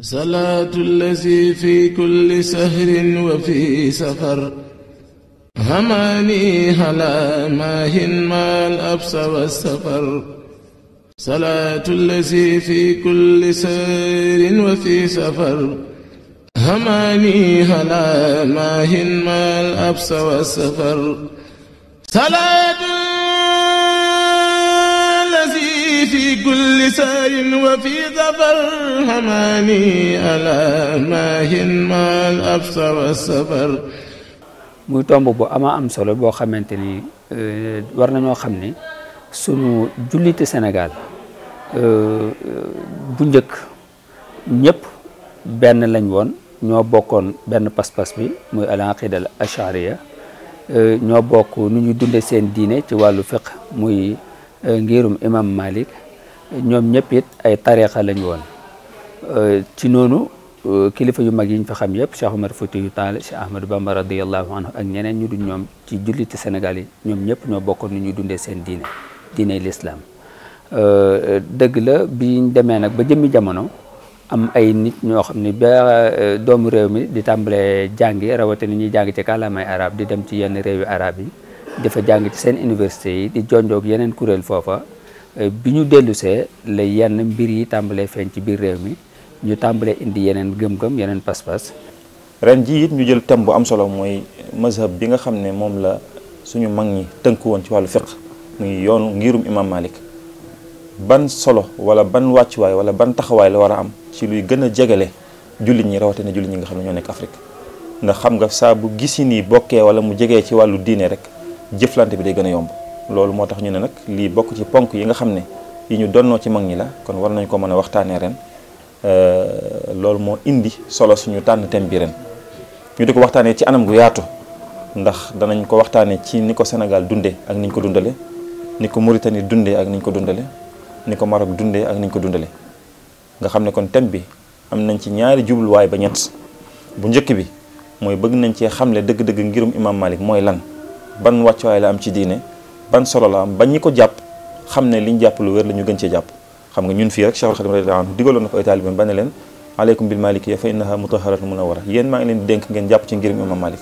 salaatu lazi fi kulli sahrin wa fi safar hamaani hala maahin maal absa wa safar salaatu lazi fi kulli sahrin wa fi safar hamaani hala maahin maal absa wa safar في كل سار وفي ظفر حماني ألا ماهن ما الأبصر والسفر muy tomb bu ama am solo boo xamante ni eh, war nañoo xam ni sunu jullite Sénégal eh, bu njëkk ñépp benn lañ woon ñoo bokkoon benn pas-pas bi muy al-aqida al-ashariya eh, ñoo bokk nu ñu dunde seen diine ci wàllu fiqh muy ngirum imam Malik ñoom ñëpp it ay tariixa lañ woon euh, ci noonu euh, kilifa yu mag yi ñu fi xam yëpp Cheikh Omar Foutiyou Tall Cheikh Ahmadou Bamba radiyallahu anhu ak ñeneen ñu du ñoom ci julliti Sénégal yi ñoom ñëpp ñoo bokkoon ni ñuy dundee seen diine diine l'islam euh, dëgg la biñ demee nag ba jëmmi jamono am ay nit ñoo xam ne ba doomu réew mi di tàmbalee jàngi rawatina ñuy jàng ci kàllaamay arab di dem ci yenn réewi araab yi dafa jàng ci seen université yi di jonjoog yeneen kuréel foofa Euh, bi ñu dellusee la yenn mbir yi tàmbalee feeñ ci biir réew mi ñu tàmbalee indi yeneen gëm-gëm yeneen pas-pas. ren jii it ñu jël thème bu am solo mooy mazhab bi nga xam ne moom la suñu mag ñi tënk woon ci wàllu fiqh muy yoonu ngirum imam Malik ban solo wala ban wàccuwaay wala ban taxawaay la war a am ci luy gën a jegale jullit ñi rawatina jullit ñi nga xam ne ñoo nekk Afrique nga xam nga saa bu gisi nii bokkee wala mu jegee ci wàllu diine rek jëflante bi day gën a yomb. loolu moo tax ñu ne nag lii bokk ci ponk yi nga xam ne yi ñu donnoo ci mag ñi la kon war nañ ko mën a waxtaanee ren euh, loolu moo indi solo suñu tànn thème bi ren ñu di ko waxtaanee ci anam gu yaatu ndax danañ ko waxtaanee ci ni ko Sénégal dundee ak niñ ko dundale ni ko Mauritanie dundee ak niñ ko dundale ni ko Maroc dundee ak niñ ko dundale nga xam ne kon thème bi am nañ ci ñaari jubluwaay ba ñett bu njëkk bi mooy bëgg nañ cee xamle dëgg-dëgg ngirum Imam Malik mooy lan ban wàccuwaay la am ci diine ban solo la am ba ñi ko jàpp xam ne li ñu jàpp lu wér la ñu gën cee jàpp xam nga ñun fii rek Cheikhul Khadim radiyallahu anhu na ko ay taalibeem ba ne leen aleykum bil malikiya fa innaha mutahharatu munawwara yéen maa ngi leen di dénk ngeen jàpp ci ngirum imam malik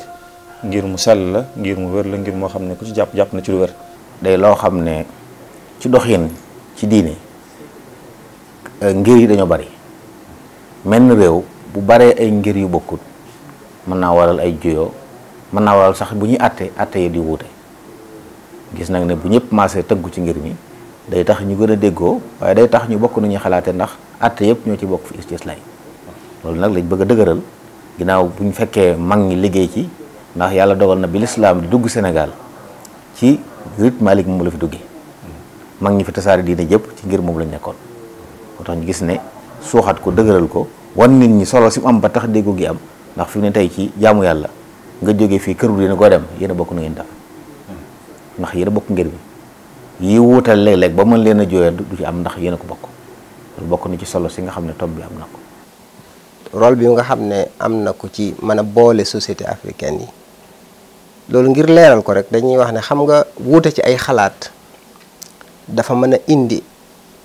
ngir mu sell la ngir mu wér la ngir moo xam ne ku jàpp jàpp na ci lu day loo xam ne ci doxin ci diine euh, ngir yi dañoo bari menn réew bu baree ay ngir yu bokkut mën naa waral ay juyoo mën naa waral sax bu ñuy àtte àtte yi di wuute gis nag ne bu ñëpp maasee tëggu ci ngir mi day tax ñu gën a déggoo waaye day tax ñu bokk nu ñuy xalaatee ndax àtte yëpp ñoo ci bokk fi istis loolu nag lañ bëgg a dëgëral ginnaaw bu ñu fekkee mag ñi liggéey ci ndax yàlla dogal na bi islaam di dugg senegal ci rite Malik moom la fi duggee mag ñi fi tasaare diine jëpp ci ngir moom lañ nekkoon moo tax ñu gis ne suuxat ko dëgëral ko wan nit ñi solo si am ba tax déggoo gi am ndax fi mu ne tey ci jaamu yàlla nga jóge fii këru dina koo dem yéen bokk na ngeen def ndax yéen bokk ngir mi yi wuutal léeg-léeg ba mën leen a jooyal du ci am ndax yéen ko bokk loolu bokk na ci solo si nga xam ne tom bi am na ko. rôle bi nga xam ne am na ko ci mën a boole société africaine yi loolu ngir leeral ko rek dañuy wax ne xam nga wuute ci ay xalaat dafa mën a indi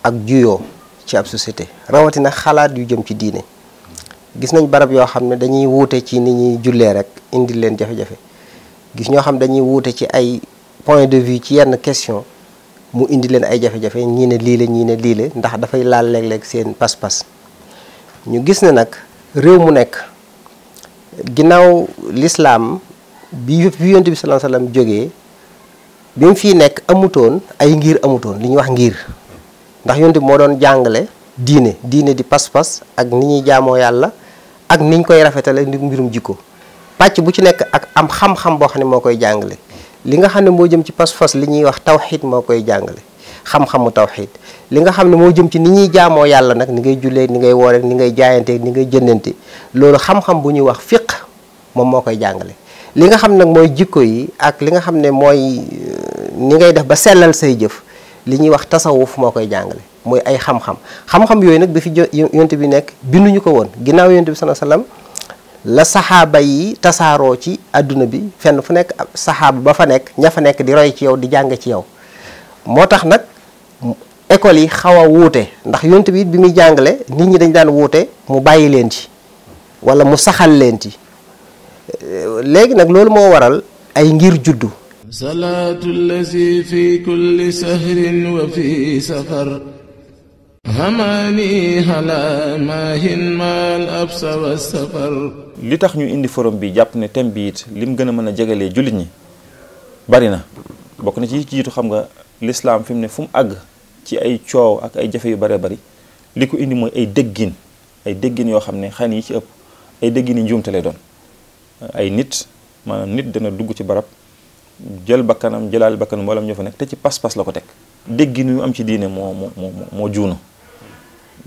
ak juyoo ci ab société rawatina xalaat yu jëm ci diine. gis nañ barab yoo xam ne dañuy wuute ci ni ñuy jullee rek indi leen jafe-jafe gis ñoo xam dañuy wuute ci ay point de vue ci yenn question mu indi leen ay jafe-jafe ñii ne lii la ñii ne lii la ndax dafay laal léeg-léeg seen pas-pas ñu gis ne nag réew mu nekk ginnaaw lislaam bi bi yonent bi sallallahu alayhi wasallam jógee bi mu fii nekk amutoon ay ngir amutoon li ñuy wax ngir ndax yonent bi moo doon jàngale diine diine di pas-pas ak ni ñuy jaamoo yàlla ak niñ koy rafetale mbirum jikko pàcc bu ci nekk ak am xam-xam boo xam ne moo koy jàngale li nga xam ne moo jëm ci pas-pas li ñuy wax tawxiid moo koy jàngale xam-xamu tawxiid li nga xam ne moo jëm ci ni ñuy jaamoo yàlla nag ni ngay jullee ni ngay wooree ni ngay jaayantee ni ngay jëndante loolu xam-xam bu ñuy wax fiq moom moo koy jàngale li nga xam nag mooy jikko yi ak li nga xam ne mooy euh, ni ngay def ba sellal say jëf li ñuy wax tasawuf moo koy jàngale mooy ay xam-xam xam-xam yooyu nag bi fi yont bi nekk binduñu ko woon ginnaaw yonte bi sana sallam la saxaaba yi tasaaroo ci àdduna bi fenn fu nekk saxaaba ba fa nekk ña fa nekk di roy ci yow di jàng ci yow moo tax nag école yi xaw a wuute ndax yonent bi it bi muy jàngale nit ñi dañ daan wuute mu bàyyi leen ci wala mu saxal leen ci léegi nag loolu moo waral ay ngir juddu salaatu llazi fi kulli sahrin wa fi safar li tax ñu indi forom bi jàpp ne thème bi it lim gën a mën a jegalee jullit ñi bari na bokk na ci yitu xam nga lislaam fi mu ne fu àgg ci ay coow ak ay jafe yu bare bari li ko indi mooy ay déggin ay déggin yoo xam ne xan yi ci ëpp ay déggin yi njuumte lay doon ay nit maanaam nit dana dugg ci barab jël bakkanam jëlaal bakkanam wala ñu fa nekk te ci pas-pas la ko teg déggin yu am ci diine moo moo moo juunu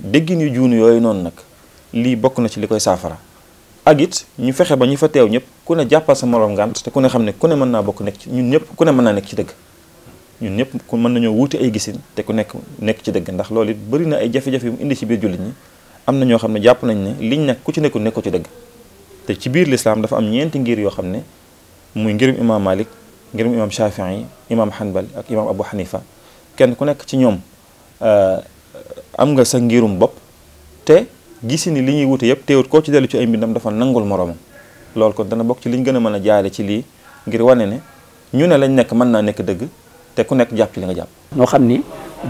déggin yu juunu yooyu noonu nag lii bokk na ci li koy saafara ak it ñu fexe ba ñu fa teew ñëpp ku ne jàppal sa morom ngànt te ku ne xam ne ku ne mën naa bokk nekk ci ñun ñëpp ku ne mën naa nekk ci dëgg ñun ñëpp ku mën nañoo wuute ay te ku nekk nekk ci dëgg ndax loolu it bari na ay jafe yu indi ci biir jullit ñi am na ñoo xam ne jàpp nañ ne liñ nekk ku ci nekkul nekk ko ci dëgg te ci biir lislaam dafa am ñeenti ngir yoo xam ne muy ngirum imam malik ngirum imam shafii imam hanbal ak imam abu hanifa kenn ku nekk ci ñoom euh, am nga sa ngirum bopp te gisi ni li ñuy wute yëpp teewut koo ci dellu ci ay mbindam dafa nangul moroomam loolu kon dana bokk ci liñ gën a mën a jaale ci lii ngir wane ne ñu ne lañ nekk mën naa nekk dëgg te ku nekk jàpp ci li nga jàpp ñoo xam ni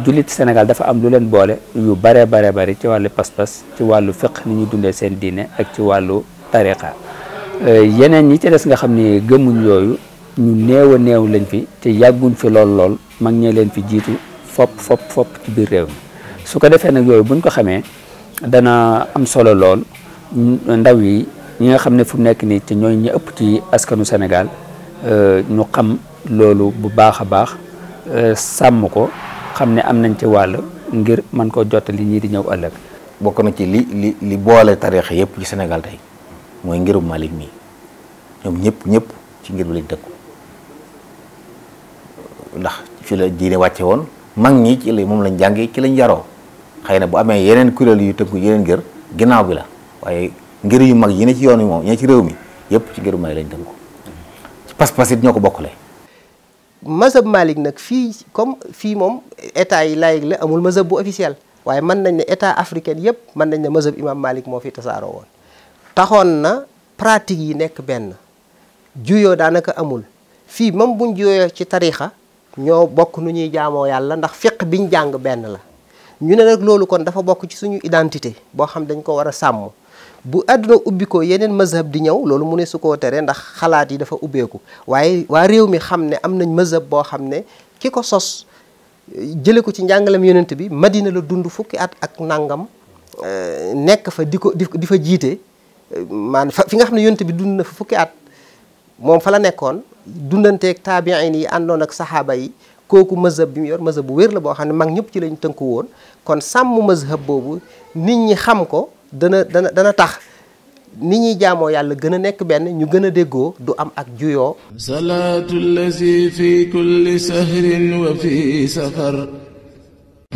jullit Sénégal dafa am lu leen boole yu bare bare bari ci wàllu pas-pas ci wàllu fiq ni ñuy dundee seen diine ak ci wàllu tariqa euh, yeneen ñi ci des nga xam ni gëmuñ yooyu ñu néew a lañ fi te yàgguñ fi lool lool mag ñee leen fi jiitu fopp fopp ci biir réew mi su ko defee nag yooyu buñ ko xamee dana am solo lool ndaw yi ñi nga xam ne fu nekk nii ci ñooy ñi ëpp ci askanu Sénégal euh, ñu xam loolu bu baax a baax euh, sàmm ko xam ne am nañ ci wàll ngir man koo li ñii di ñëw ëllëg. bokk na ci li li li boole tariix yëpp ci senegal tey mooy ngirum Malick mi ñoom ñëpp ñëpp ci ngir bi lañ ko ndax fi la diine wàcce woon mag ñi ci la moom lañ jàngee ci lañ yaroo. xëy na bu amee yeneen kuréel yu tënku yeneen ngir ginnaaw bi la waaye ngir yu mag yi ne ci yoon wi moom ñee ci réew mi yëpp ci ngiru Malik lañ tënku ci pas-pas it ñoo ko bokk bokkule. mazhab Malik nag fii comme fii moom état yi laïc la amul mazhab bu officiel waaye mën nañ ne état africain yëpp mën nañ ne mazhab imam Malik moo fi tasaaroo woon taxoon na pratique yi nekk benn juyoo daanaka amul fii moom buñ juyoo ci tarixa ñoo bokk nu ñuy jaamoo yàlla ndax fiq biñ jàng benn la ñu ne nag loolu kon dafa bokk ci suñu identité boo xam dañ ko war a sàmm bu àdduna ubbi ko yeneen mazhab di ñëw loolu mu ne su koo tere ndax xalaat yi dafa ubbeeku waaye waa réew mi xam ne am nañ mazhab boo xam ne ki ko sos jële ko ci njàngalam yonent bi madina la dund fukki at ak nangam euh, nekk fa di ko di fa jiite euh, maan fi nga xam ne yonent bi dund na fa fukki at moom fa la nekkoon dundanteeg taabiin yi àndoon ak saxaaba yi kooku mazhab bi mu yor mazhab bu wér la boo xam ne mag ñëpp ci lañ tënku woon kon sàmm mazhab boobu nit ñi xam ko dana dana tax nit ñi jaamoo yàlla gën a nekk benn ñu gën a déggoo du am ak juyoo salaatu llazi fi kulli sahrin wa fi safar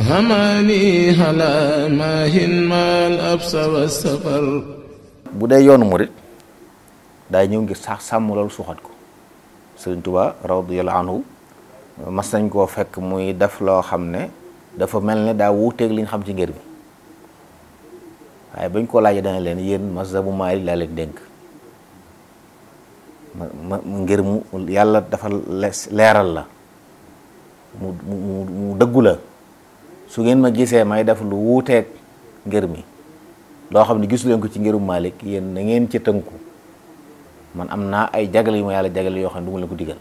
hamani hala maahin maal absa wa safar bu dee yoonu murit daay ñëw ngir sax sàmm suuxat ko Sëriñ Tuubaa radiyallaahu anhu koo fekk muy def loo xam ne dafa mel ne daa wuuteeg li ñu xam ci ngir bi waaye bañ ko laajee dana leen yéen mazhabu Maalik laa leen dénk ma ngir mu yàlla dafa leeral la mu mu mu dëggu la su ngeen ma gisee may def lu wuuteeg ngir mi loo xam ne gisu leen ko ci ngirum Maalik yéen na ngeen ci tënku man am naa ay jagal yu ma yàlla jagal yoo xam ne du ma leen ko digal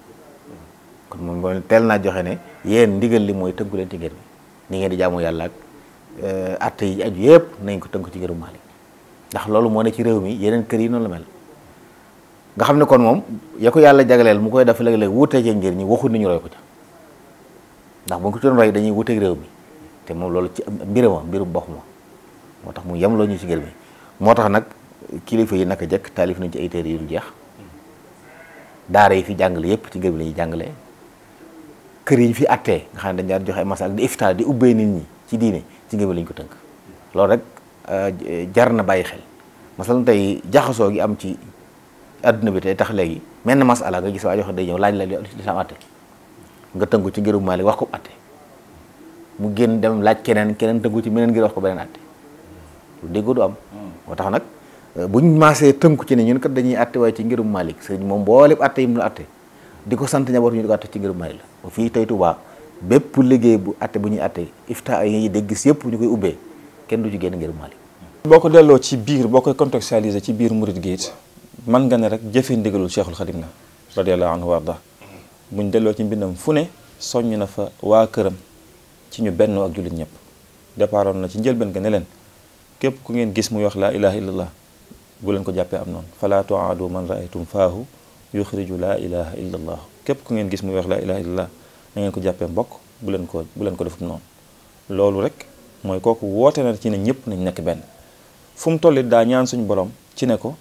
kon moom teel naa joxe ne yéen ndigal li mooy tënku leen ci ngir mi ni ngeen di jaamu yàlla ak euh, atte yi aju yëpp nañ ko tënk ci ngërum Maalik ndax loolu moo ne ci réew mi yeneen kër yi noonu la mel nga xam ne kon moom ya ko yàlla jagaleel mu koy def léeg-léeg wutee ci ngir ñi waxut nañu ñu roy ko ca ndax bu ñu ko doon dañuy wuteeg réew mi te moom loolu ci mbirama mbirum bopp ma moo tax mu yemloo ñu ci ngir mi moo tax nag kilifa yi naka jekk taalif nañ ci ay téere yu jeex daara yi fi jàngale yëpp ci ngir mi lañuy ñuy kër yi ñu fi attee nga xam ne dañ daan joxe ay di iftaal di ubbee nit ñi ci diine ci ngéwél lañ ko tënk loolu rek euh, jar na bàyyi xel masalan tey jaxasoo gi am ci adduna bi tey tax léegi menn masala nga gis waa joxe day ñëw laaj la lislaam atte nga tënku ci ngëru Maalik wax ko atte mu génn dem laaj keneen keneen tënku ci meneen ngir wax ko beneen atte am moo tax nag euh, buñ maasee tënku ci ne ñun kat dañuy atte waaye ci ngëru Maalik sëriñ moom booleb atte yi mu la atte di ko sant njaboot ñu di ko àtte ci ngërëm may la fii tey Tuubaa bépp liggéey bu àtte bu ñuy àtte ifta yi dégg gis yëpp ñu koy ubbee kenn du ci génn ngërëm boo ko delloo ci biir boo koy contextualiser ci biir murid gi man nga ne rek jëfe ndigalul Cheikhul Xadim na radiyallahu anhu warda buñ delloo ci mbindam fu ne soññ na fa waa këram ci ñu benn ak jullit ñëpp départoon na ci njëlbeen ga ne leen képp ku ngeen gis muy wax laa ilaha illallah bu leen ko jàppee am noonu fala tuaadu man raaytum faahu yuxriju laa ilaha illa allah képp ku ngeen gis mu wax laa ilaha illa allah na ngeen ko jàppee mbokk bu leen ko bu leen ko defum noonu loolu rek mooy kooku woote na ci ne ñëpp nañ nekk benn fu mu tollit daa ñaan suñu borom ci ne ko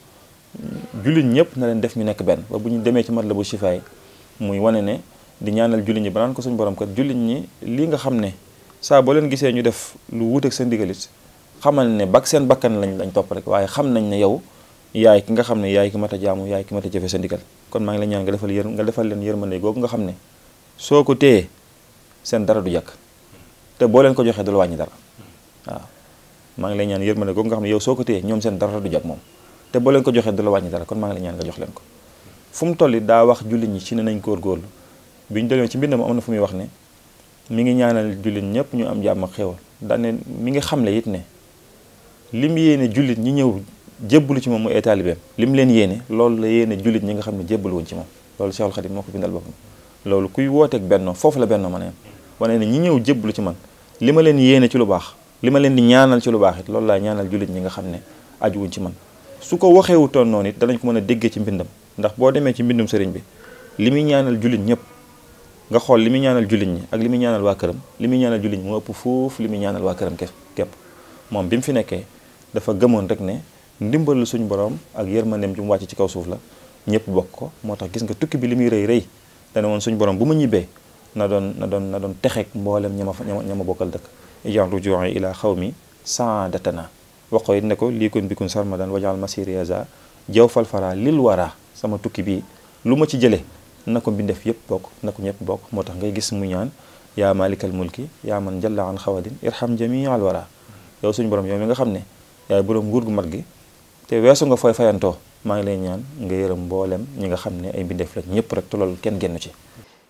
jullit ñëpp na leen def ñu nekk benn ba bu ñu demee ci matlabu shifaay muy wane ne di ñaanal jullit ñi banaan ko suñ borom kat jullit ñi lii nga xam ne saa boo leen gisee ñu def lu wuuteeg seen digalit xamal ne ba seen bakkan lañ lañ topp rek waaye xam nañ ne yow yaay ki nga xam ne yaay ki mat a jaamu yaay ki mat a jëfe sa ndigal kon maa ngi la ñaan nga defal yër nga defal leen yërmande googu nga xam ne soo ko téyee seen dara du jàkk te boo leen ko joxee du la wàññi dara waaw maa ngi lay ñaan yërmande googu nga xam ne yow soo ko téyee ñoom seen dara du jàkk moom te boo leen ko joxee du la wàññi dara kon maa ngi lay ñaan nga jox leen ko fu mu tolli daa wax jullit ñi ci ne nañ góorgóorlu bi ñu demee ci mbindam am na fu muy wax ne mi ngi ñaanal jullit ñëpp ñu am jàmm ak xéwal daane mi ngi xamle it ne lim yéene jullit ñi ñëw jébbalu ci moom mu ay taalibeem li mu leen yéene loolu la yéene jullit ñi nga xam ne jébbalu woon ci moom loolu Cheikhul Khadim moo ko bindal boppam loolu kuy wooteeg bennoo foofu la bennoo ma a yem wane ne ñu ñëw jébbalu ci man li ma leen yéene ci lu baax li ma leen di ñaanal ci lu baax it loolu laa ñaanal jullit ñi nga xam ne aju wuñ ci man su ko waxeewutoon noonu it danañ ko mën a déggee ci mbindam ndax boo demee ci mbindum sëriñ bi li muy ñaanal jullit ñëpp nga xool li muy ñaanal jullit ñi ak li muy ñaanal waa këram li muy ñaanal jullit moo ëpp foofu li muy ñaanal waa këram képp moom bi mu fi nekkee dafa gëmoon rek ne ndimbalu suñu borom ak yërmandeem ci mu wàcc ci kaw suuf la ñëpp bokk ko moo tax gis nga tukki bi li muy rëy rëy dana woon suñu borom bu ma ñibbee na doon na doon na doon texeeg mboolem ña ma ña ma bokkal dëkk ijan ruju'i ila xawmi saadatana wax ko it ne ko lii kon bikun sarmadan wajal masiriaza jaw falfara lil wara sama tukki bii lu ma ci jëlee na ko mbindeef yëpp bokk na ko ñëpp bokk moo tax ngay gis mu ñaan yaa malikal mulki yaa man jalla an xawadin irham jamial wara yow suñu borom yow mi nga xam ne yaay borom gu mat gi te weesu nga fooy fayantoo maa ngi lay ñaan nga yërëm mboolem ñi nga xam ne ay mbindeef la ñëpp rek te loolu kenn génn ci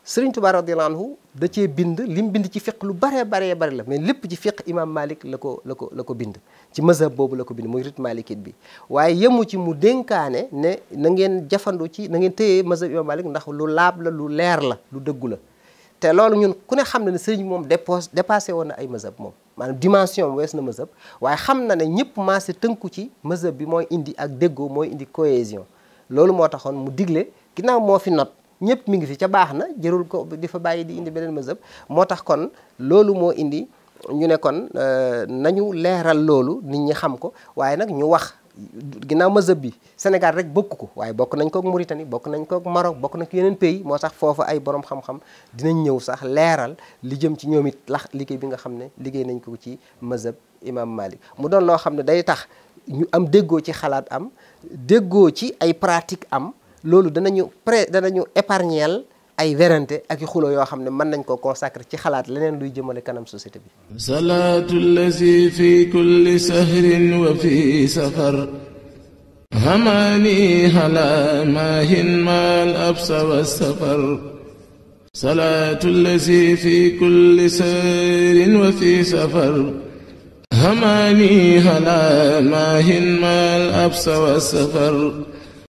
sëriñ Tuubaa radiyallaahu anhu da cee bind lim bind ci fiq lu baree baree bari la mais lépp ci fiq imam Malik la ko la ko la ko bind ci mazhab boobu la ko bind muy rit bi waaye yemu ci mu dénkaane ne na ngeen jafandu ci na ngeen téye mazhab imam ndax lu laab la lu leer la lu dëggu la te loolu ñun ku ne xam ne ne sëriñ moom dépos dépassé woon na ay mazhab moom maanaam dimension wees na mazhab waaye xam na ne ñëpp maase tënku ci mazhab bi mooy indi ak déggoo mooy indi cohésion loolu moo taxoon mu digle ginnaaw moo fi not ñëpp mi ngi fi ca baax na jërul ko di fa bàyyi di indi beneen mazhab moo tax kon loolu moo indi ñu ne kon euh, nañu leeral loolu nit ñi xam ko waaye nag ñu wax ginnaaw mazhab bi Sénégal rek bokk ko waaye bokk nañ kook Mauritanie bokk nañ kook Maroc bokk nañ ko yeneen pays moo tax foofa ay boroom xam-xam dinañ ñëw sax leeral li jëm ci ñoom it lax liggéey bi nga xam ne liggéey nañ ko ci mazhab imam Malik mu doon loo xam ne day tax ñu am déggoo ci xalaat am déggoo ci ay pratique am loolu danañu pré danañu épargnel ay werante ak i xulo yoo xam ne mën nañ ko consacré ci xalaat leneen luy jëmale kanam société bi salaatu llazi fi kulli sahrin wa fi safar hamaani ala maahin maal absa absa wa safar